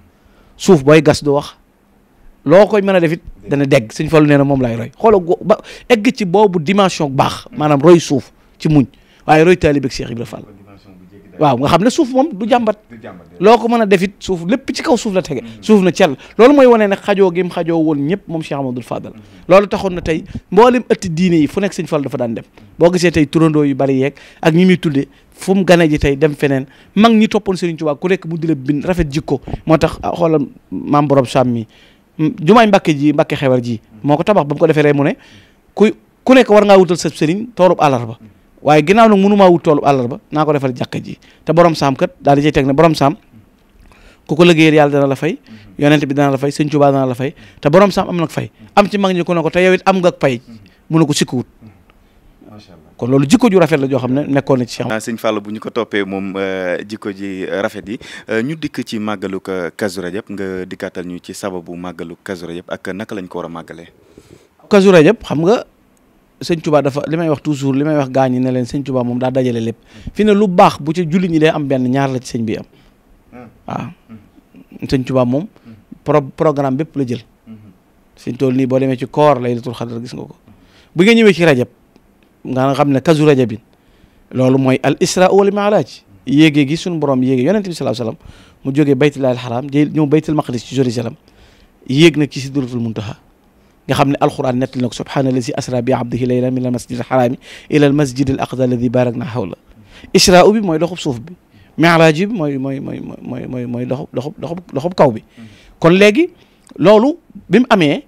suuf booy gas du wax loo koy mën a defit it dana dégg Sëñ Fallu nee na moom lay roy xoola ba egg ci boobu dimension baax maanaam roy suuf ci muñ waaye roy taalibeeg Cheikh Ibra Fall waaw nga xam ne suuf moom du jàmbat loo ko mën a defit suuf lépp ci kaw suuf la tege mm-hmm. suuf na cell loolu mooy wanee ne xajoo gim xajoo woon ñëpp moom Cheikh Amadou Fadal mm-hmm. loolu taxoon na tey mboolem ëtti diine yi fu nekk sëñ Fall dafa daan dem mm-hmm. boo gisee tey turandoo yu bari yeeg ak ñi muy tuddee fu mu ji tey dem feneen mag ñi toppoon Serigne Touba ku nekk mu di la bind rafet jikko moo tax ah, xoolal maam borom Sam mi jumaay Mbàkke ji Mbàkke xewar ji moo ko tabax ba mu ko defee rek mu ne ku ku nekk war ngaa wutal sa Serigne toolub àllarba waaye ginaaw nag mënumaa wut toolu àllarba naa ko defal jàkka ji te borom saam kat daal di cay teg ne borom saam ku ko liggéeyal yàlla dana la fay mm-hmm. yonent bi dana la fay sëñ Tuubaa dana la fay te borom saam am nag fay am ci mag ñi ku ne ko te yow it am nga pay mun mm-hmm. ne ko sikkuwut mm-hmm. kon loolu jikko ju rafet la joo xam ne nekkoon na ci Cheikh ah, sëñ Fall bu ñu ko toppee moom euh, jikko ji rafet yi euh, ñu dikk ci màggalu Kazu Rajab nga dikkaatal ñu ci sababu màggalu Kazu Rajab ak naka lañ ko war a màggalee Kazu Rajab sëñ Tuba dafa li may wax toujours li may wax gaañ ñi ne leen sëñ Tuba moom daa dajale lépp fi ne lu baax bu ci julli ñi day am benn ñaar la ci sëñ bi am waaw sëñ Tuba moom pro programme bépp la jël fiñ toll nii boo demee ci koor laylatul xadar gis nga ko bu nga ñëwee ci rajab nga xam ne kazu rajabin loolu mooy al isra wal mi'raj yéegee gi suñu borom yéegee yonent bi sallallahu alayhi wasallam mu jógee baytullahi al haram jël ñëw baytul maqdis ci Jérusalem yéeg nag ci sidratul muntaha nga xam ne alxuraan nettali na ko subhaana allazi asra bi abdihi layla min al masjid al xaraami ila al masjid al aqsa bi mooy doxub suuf bi miraaj bi mooy mooy mooy kaw bi kon léegi loolu bi mu amee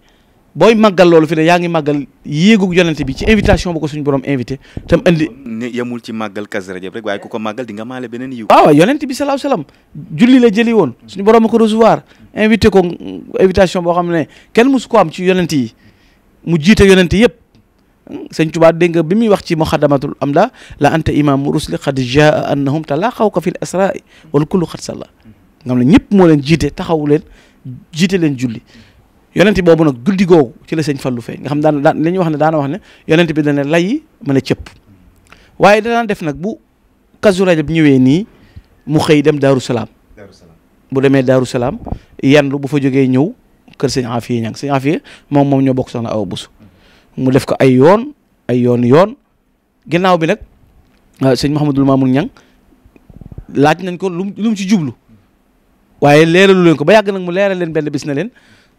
booy màggal loolu fi yaa ngi màggal yéegug yonente bi ci invitation bu ko suñu borom invité tam andi ne yemul ci màggal Kazu Rajab rek waaye ku ko màggal di nga maale beneen yiw ah waaw yonente julli la jëli woon suñu borom a ko invité ko invitation boo xam ne kenn musu ko am ci yonent yi mu jiite yonent yi yëpp sëñ Tuubaa dégg nga bi muy wax ci muxadamatul am la la anta imaamu rusli xad jaa annahum talaqawka fil asraai wal kullu xad salla nga xam ne ñëpp moo leen jiite taxaw leen jiite leen julli yonent boobu nag guddi googu ci la sëñ Fallu feeñ nga xam daan daan li ñuy wax ne daana wax ne yonent bi dana lay mën a cëpp waaye danaa def nag bu kazu rajab bi ñëwee nii mu xëy dem Daaru Salaam bu demee Daaru Salaam yandu bu fa jógee ñëw kër sëñ Afiya ñang sëñ Afiya moom moom ñoo bokk soxna Awa busu mu def ko ay yoon ay yoon yoon ginnaaw bi nag ah, sëñ Mouhamadul Mamoun ñang laaj nañ ko lu lu ci jublu waaye leeralu leen ko ba yàgg nag mu leeral leen benn bis na leen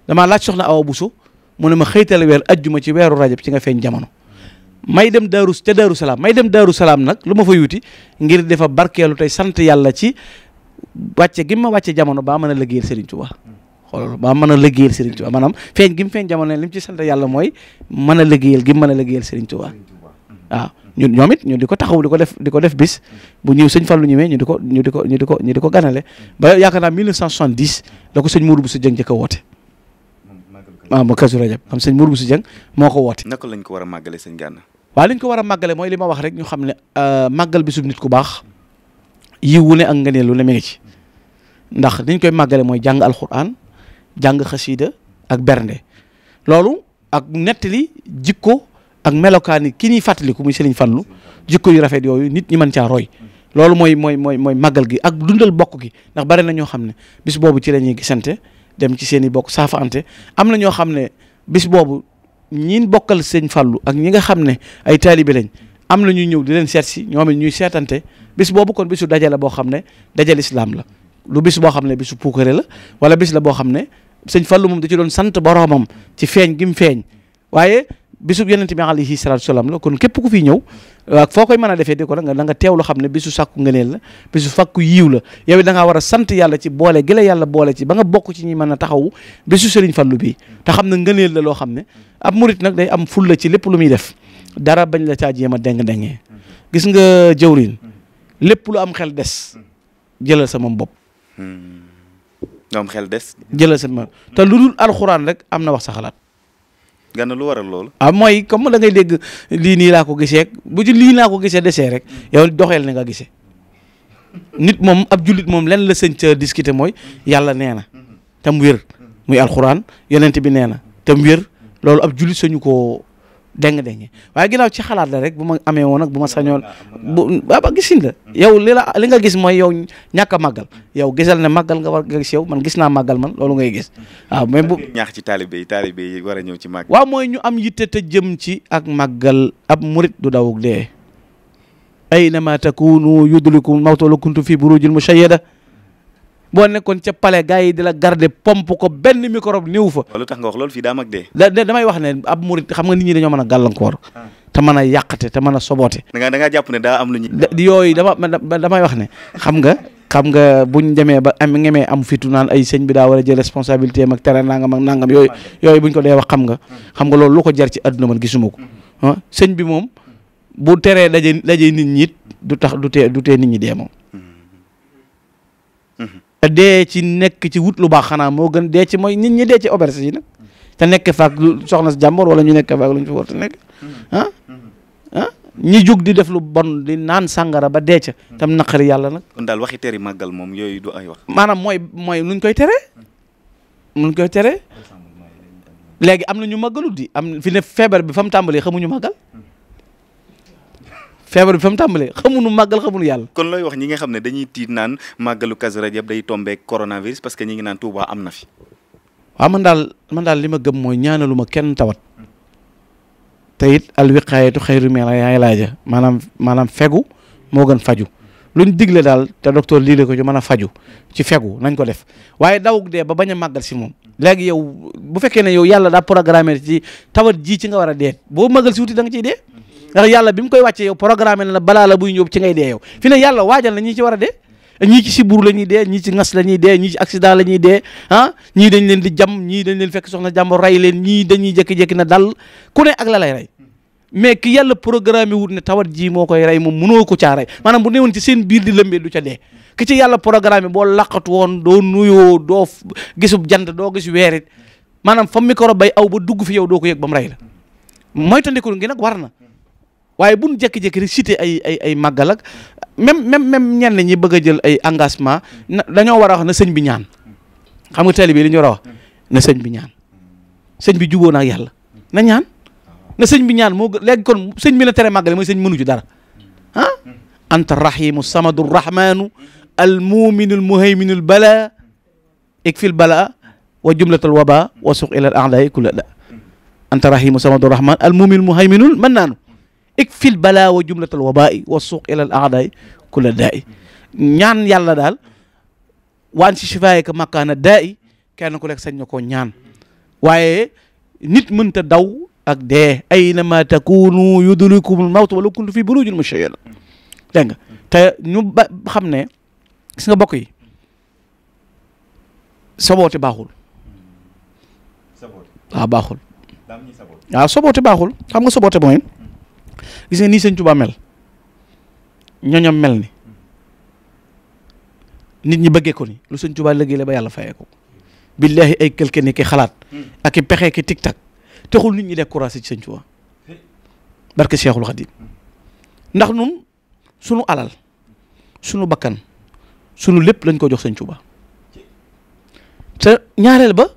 damaa laaj soxna Awa busu mu ne ma xëytal weer ajjuma ci weeru rajab ci nga feeñ jamono may dem daaru te daaru salaam may dem daaru salaam nag lu ma fa yuuti ngir defa barkeelu tey sant yàlla ci wàcce gi ma wàcce jamono baa mën a liggéeyal Serigne Touba xoolal baa mën a liggéeyal feeñ gi feeñ jamono leen li ci sant yàlla mooy mën a liggéeyal gi mu mën a liggéeyal ñu di ko taxaw di ko def di bis bu ñëw sëñ Fallou ñëwee ñu di ñu di ganale ba yaakaar naa 1970 la ko sëñ Mourou Bousso Dieng jëkk a woote waaw ba Kazu Rajab sëñ Mourou Bousso Dieng moo ko woote naka lañ ko war a màggale sëñ Gana waaw liñ ko war a mooy li wax rek ñu xam ne euh, màggal bisub nit ku baax yi ak nga ne lu ne ngi ci ndax niñ koy màggale mooy jàng alxuraan jàng xasiida ak bernde loolu ak nettali jikko ak melokaani ki ñuy fàttaliku muy Sëriñ Fallu jikko yu rafet yooyu nit ñi mën caa roy loolu mooy mooy mooy mooy màggal gi ak dundal bokk gi ndax bare na ñoo xam ne bis boobu ci la ñuy gisante dem ci seen i bokk saafaante am na ñoo xam ne bis boobu ñiin bokkal Sëñ Fallu ak ñi nga xam ne ay taalibe lañ am na ñuy ñëw di leen seet si ñoom ñuy seetante bis boobu kon bisu daje boo xam ne daje lislaam la lu bis boo xam ne bisu puukare la wala bis la boo xam ne sëñ Fallu moom da ci doon sant boroomam ci feeñ gi mu feeñ waaye bisu yonente bi alayhi salaatu salaam la kon képp ku fi ñëw ak foo koy mën a defee di ko la nga da nga teew lu xam ne bisu sàkku ngëneel la bisu fàkku yiw la yow it da war a sant yàlla ci boole gi la yàlla boole ci ba nga bokk ci ñi mën a taxaw bisu sëriñ Fallu bii te xam na ngëneel la loo xam ne am murit nag day am la ci lépp lu muy def dara bañ la caa jéem a deng-dengee gis nga jëwriñ lépp lu am xel des jëlal sama bopp. Hmm. am xel des. jëlal sama te lu dul alxuraan rek am na wax sa xalaat. ganna lu waral loolu. ah mooy comme da ngay dégg lii nii laa ko gisee bu ci lii laa ko gisee desee rek yow doxeel ni nga nit moom ab jullit moom lenn la sëñ ca discuter mooy yàlla nee na tam wér muy alxuraan yonent bi nee tam wér loolu ab jullit sañu koo deng deng waaye ginnaaw ci xalaat la rek bu ma amee woon ak bu ma sañoon bu ba gisin la mm-hmm. yow li la li nga gis mooy yow ñàkk a màggal yow gisal ne màggal nga war nga gis yow man gis naa màggal man loolu ngay gis mm-hmm. waaw bu ñaax ci taalibe yi taalibe yi war a ci màggal waaw mooy ñu am yitte te jëm ci ak màggal ab murit du dawug dee aynama takunu yudlikum mawtu la kuntum fi burujil mushayyada boo nekkoon ca palais gars yi di la garder pomp ko benn microbe néew fa. lu tax nga wax loolu fii daa mag dee. damay wax ne ab murit xam nga nit ñi dañoo mën a gàllankoor. te mën a yàqate te mën a soboote. da ngaa jàpp ne daa am lu ñuy. yooyu dama damay wax ne xam nga. xam nga buñ demee ba am ngemee am fitu naan ay sëñ bi daa war a jël responsabilité am ak nangam ak nangam yooyu yooyu buñ ko dee wax xam nga xam nga loolu lu ko jar ci àdduna man gisuma ko ah, sëñ bi moom bu teree daje daje nit ñi du tax du tee du te nit ñi dee moom te dee ci nekk ci wut lu baax xanaa moo gën dee ci mooy nit ñi dee ci auberge yi nag te nekk faak soxna si jàmbur wala ñu nekk faak lu ñu fi war te nekk mm-hmm. ah? ah ñi jug di def lu bon di naan sàngara ba dee ca mm-hmm. tam naqari yàlla nag kon daal waxi teri màggal moom yooyu du ay maanaam mooy mooy luñ koy tere mm-hmm. luñ koy tere léegi am na ñu di am fi ne bi fa mu tàmbalee xamuñu màggal feebar bi fa mu tàmbalee xamuñu màggal xamuñu yàlla. kon looy wax ñi nga xam ne dañuy tiit naan màggalu Kazu Rajab day tombé coronavirus parce que ñi ngi naan Touba am na fi. waaw man daal man daal li ma gëm mooy ñaanalu ma kenn tawat te it alwiqaayatu xayru min al-ilaaja maanaam maanaam fegu moo gën faju luñ digle daal te docteur lii la ko ci mën a faju ci fegu nañ ko def waaye dawug dee ba bañ a màggal si moom léegi yow bu fekkee ne yow yàlla daa programmé ci tawat ji ci nga war a dee boo màggal si da nga ciy dee. ndax yàlla bi mu koy wàccee yow programme na la balaa la buy ñëw ci ngay dee yow fi ne yàlla waajal na ñi ci war a dee ñii ci sibur la ñuy dee ñii ci ngas la ñuy dee ñii ci accident la dee ah ñii dañ leen di jam ñii dañ leen fekk soxna jàmbur rey leen ñii dañuy jékki-jékki na dal ku ak la lay rey mais ki yàlla programme wut na tawat ji moo ko rey moom mënoo ko caa rey maanaam bu newoon ci seen biir di lëmbee du ca dee ki ci yàlla programme boo laqatu woon doo nuyoo doo gisub jant doo gis weerit maanaam fa micro bay aw ba dugg fi yow doo ko yëg ba rey la moytandiku ngi nag war na waaye bu ñu jékki-jékki rek cité ay ay ay màggal ak même même même ñenn ñi bëgg a jël ay engagement na dañoo war a wax na sëñ bi ñaan xam nga tali bi li ñu war na sëñ bi ñaan sëñ bi juboo na yàlla na ñaan na sëñ bi ñaan moo léegi kon sëñ bi na tere màggale mooy sëñ mënu ci dara ah anta rahimu samadu rahmanu al muminu al muhayminu al bala ikfil bala wa jumlatal waba wa suq ila al a'da'i kulla da anta rahimu samadu rahman al muminu al naanu fil balaa wa jumlatal wabaa'i wa suuq ilal aadaay kula daa'i ñaan yàlla daal waan si shifaayika makkaana daa'i kenn ku nekk sañ na koo ñaan waaye nit mënta daw ak dee aynama takunu yudrikumul mawtu wala kuntu fi burujin mushayyada dégg nga te ñu xam ne gis nga bokk yi baaxul waaw baaxul waaw saboote baaxul xam nga saboote mooy gis nga nii sëñ Tuubaa mel ñoñom mel ni nit ñi bëggee ko ni lu sëñ Tuubaa liggéey la ba yàlla fayee ko billaahi ay quelque ni ki xalaat ak i pexe ki tic tac taxul nit ñi découragé ci sëñ Tuubaa barke Cheikhul Khadim ndax nun sunu alal sunu bakkan sunu lépp lañ ko jox sëñ Tuubaa te ñaareel ba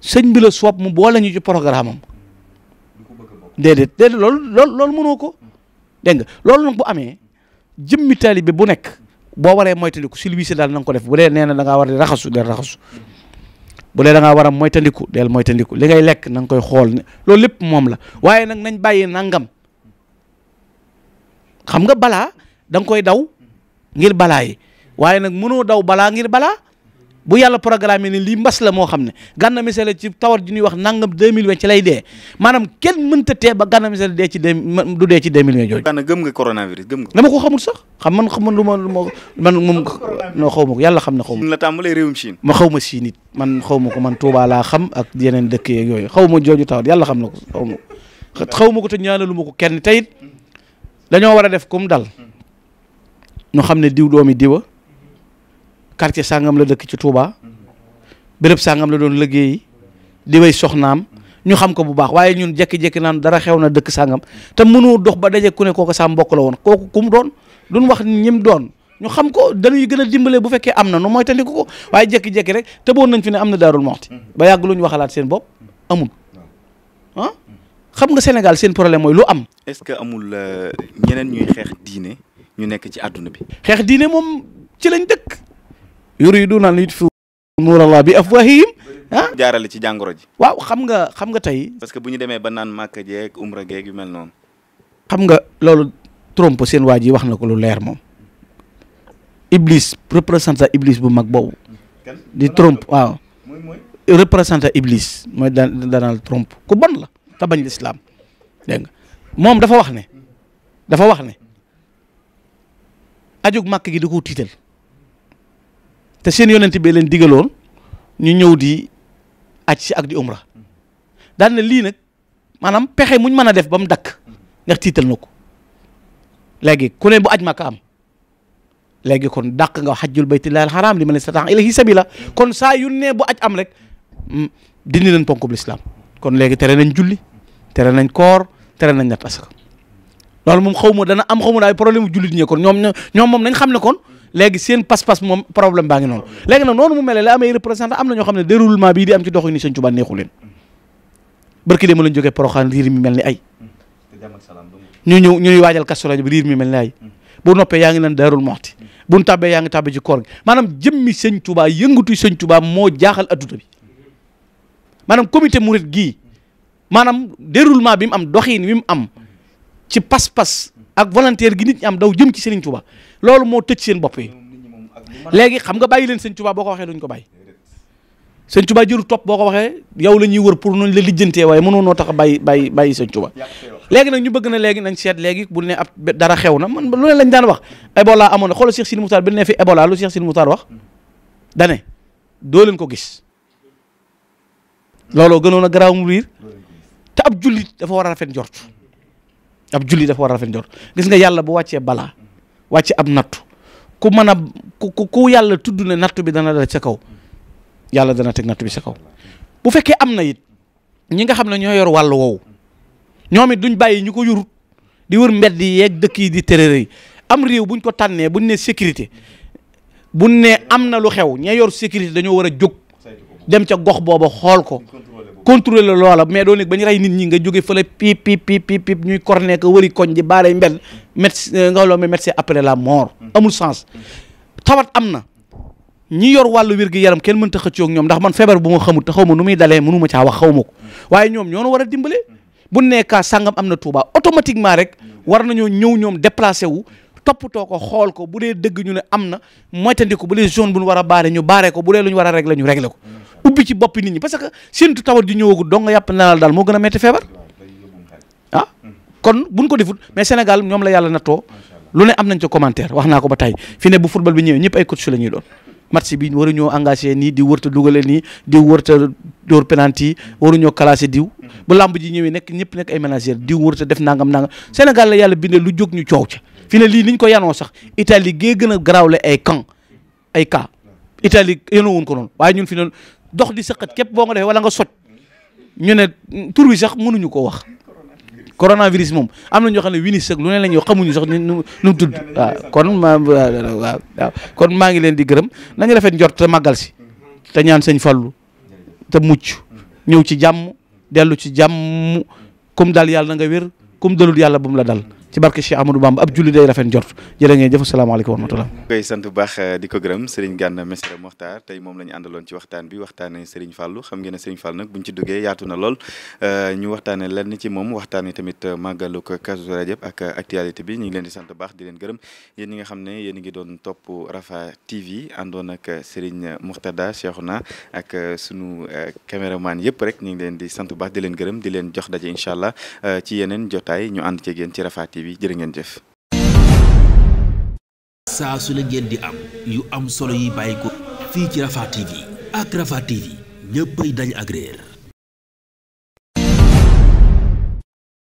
sëñ bi la soob mu boole ñu ci programme am déedéet déedéet loolu loolu loolu mënoo ko dégg nga loolu nag bu amee jëmmi taalibe bu nekk boo waree moytandiku silvissé daal na nga ko def bu dee nee na da ngaa war di raxasu del raxasu bu dee da ngaa war a moytandiku del moytandiku li ngay lekk na koy xool ne loolu lépp moom la waaye nag nañ bàyyi nangam xam nga balaa dang koy daw ngir balaa yi waaye nag mënoo daw balaa ngir balaa bu yàlla programme ne lii mbas la moo xam ne Gana Messere ci tawat ju ñuy wax nangam deux mille vingt ci lay dee maanaam kenn mënta tee ba Gana Messere dee ci deux du dee ci deux mille vingt jooju. Gana gëm nga coronavirus gëm nga. ko xamul sax xam man man lu ma lu ma man moom. non ma ko yàlla xam na xaw ma. la tàmbalee réewum xaw ma Chine it man xaw ma ko man Touba laa xam ak yeneen dëkk yeeg yooyu xaw ma jooju tawat yàlla xam na ko xaw ma ko xaw ma ko te ñaanalu ma ko kenn tey it war a def comme dal ñu xam ne diw doomi diwa quartier sàngam la dëkk ci Touba béréb sàngam la doon liggéeyi di way soxnaam ñu xam ko bu baax waaye ñun jékki-jékki naan dara xew na dëkk sàngam te mënoo dox ba daje ku ne kooku sa mbokk la woon kooku ku mu doon duñ wax ñim doon ñu xam ko dañuy gën a dimbale bu fekkee am na nu mooy tandiku ko waaye jékki-jékki rek te boon nañ fi ne am na daarul moxti ba yàgg lu ñu waxalaat seen bopp amul ah xam nga Sénégal seen problème mooy lu am. est-ce que amul euh, ñeneen yuriduuna an yutfiu nuur allah bi afwahihim ah. jaarale ci jàngoro ji. waaw xam nga xam nga tey. parce que bu ñu demee ba naan màkk jeeg umra gee yu mel noonu. xam nga loolu Trump seen waa ji wax na ko lu leer moom Iblis représentant Iblis bu mag boobu. di Trump waaw. représentant Iblis mooy Donald Trump ku bon la te bañ lislaam dégg nga moom dafa wax ne. dafa wax ne. ajug màkk gi da koo tiital. te seen yonent bee leen digaloon ñu ñëw di aj si ak di umra daan na lii nag maanaam pexe muñ mën a def ba mu dakk ndax tiital na ko léegi ku ne bu aj maka am léegi kon dàq nga xajjul baytillahi alxaram li man istata'a ilayhi sabila kon saa yu ne bu aj am rek mm, dindi nañ ponkub lislaam kon léegi tere nañ julli tere nañ koor tere nañ nat asaka loolu moom xaw ma dana am xaw ma daay problème bu jullit ñee kon ñoom ñoom moom nañ xam ne kon léegi seen pas-pas moom problème baa ngi noonu léegi nag noonu mu mel la amay représentant am na ñoo xam ne déroulement bii di am ci doxu ni sëñ Tuubaa neexu leen barki dee ma lañ jógee Poroxaan riir mi mel ni ay ñu ñëw ñuy waajal Kazu Rajab bi riir mi mel ni ay bu noppee yaa ngi naan Daarul Muxti buñ tabbee yaa ngi tàbbi ci koor gi maanaam jëmmi sëñ Tuubaa yëngatu sëñ Tuubaa moo jaaxal adduna bi maanaam comité murid gii maanaam déroulement bi am doxiin wi mu am ci pas-pas ak volontaire gi nit am daw jëm ci Serigne Touba loolu moo tëj seen bopp yi léegi xam nga bàyyi leen sëñ Tuubaa boo ko waxee duñ ko bàyyi sëñ Tuubaa jëru topp boo ko waxee yow la ñuy wër pour nuñ la lijjantee waaye mënoo noo tax bàyyi bàyyi bàyyi sëñ Tuubaa léegi nag ñu bëgg na léegi nañ seet léegi bu ne ab dara xew na man lu ne lañ daan wax Ebola amoon na xoolal Cheikh Sidi Moutar bi ne fi Ebola lu Cheikh Sidi Moutar wax dane doo leen ko gis looloo gënoon a garaaw mu riir te ab jullit dafa war a rafet njort ab jullit rafet njort gis nga yàlla bu wàccee balaa wàcc ab nattu ku mën a ku ku yàlla tudd na nattu bi dana da sa kaw yàlla dana teg nattu bi sa kaw bu fekkee am na it ñi nga xam ne ñoo yor wàll woowu ñoom it duñ bàyyi ñu ko yurut di wër mbedd yi yeeg dëkk yi di terere yi am réew buñ ko tànnee buñ ne sécurité bu ne am na lu xew ña yor sécurité dañoo war a jóg dem ca gox boobu xool ko contrôler la loola mais doo nekk ba ñu rey nit ñi nga jóge fële pip pip pip pip pip ñuy corné ko wëri koñ di baaree mbedd médecin euh, nga loolu médecin après la mort mm. amul sens tawat am na ñi yor wàllu wér gi yaram kenn mënta xëccoo ak ñoom ndax man feebar bu ma xamul te xaw nu muy dalee mënu ma caa wax mm. waaye ñoom ñoo war a dimbale mm. bu nekkaa sàngam am na Tuuba automatiquement rek war nañoo ñëw ñoom déplacé too ko xool ko bu dee dëgg ñu ne am na moytandiku bu dee zone bu ñu war a baare ñu baare ko bu dee lu ñu war a régler ñu régler ko ubbi ci boppi nit ñi parce que séntu tawat ji ñëwagul dong nga yàpp nanal daal moo ah, kon buñ ko defut mais Sénégal ñoom la yàlla nattoo lu ne am nañ ca commentaire wax naa ko ba tey fi ne bu football bi ñëwee ñëpp ay coach la ñuy doon match bi waruñoo engagé nii di wërta dugale nii di wërta dóor penalty waruñoo classé diw bu làmb ji ñëwee nekk ñëpp nekk ay manager diw wërta def nangam nangam Sénégal la yàlla bindee lu jóg ñu coow ca fi ne lii liñ ko yanoo sax Italie gee gën a garaawle ay camp ay cas Italie yanoo woon ko noonu waaye ñun fi ne dox di sëqat képp boo nga defee wala nga soj ñu ne tur bi sax mënuñu ko wax coronavirus moom am na ñoo xam ne winis sax lu ne la ñuy wax xamuñu sax nu mu tudd waaw kon ma waaw kon maa ngi leen di gërëm nañu rafet njort te màggal si te ñaan sëñ Fallu te mucc ñëw ci jàmm dellu ci jàmm kum dal yàlla na nga wér kum dalul yàlla bu mu la dal ci barke Cheikh Amadou Bamba ab julli day rafet njort jërë ngeen jëf asalaamaaleykum wa rahmatulah. koy sant bu baax eh, di ko gërëm Serigne Gana Messere Mokhtar tey moom la àndaloon ci waxtaan bi waxtaanee Serigne Fallou xam ngeen ne Serigne Fallou nag buñ ci duggee yaatu na lool eh, ñu waxtaanee lenn ci moom waxtaan waxtaanee tamit eh, màggalu ko Kazu Rajab ak actualité bi ñu ngi leen di sant baax di leen gërëm yéen ñi nga xam ne yéen ngi doon topp Rafa TV àndoon ak Serigne Mourtada Cheikhouna ak sunu caméraman yëpp rek ñu ngi leen di sant baax di leen gërëm di leen jox daje incha allah ci yeneen jotaay ñu ànd ceeg yéen ci Rafa TV TV jërë ngeen jëf. saa su la ngeen di am yu am solo yi bàyyi ko fii ci Rafah TV ak Rafah TV ñëppay dañ agréer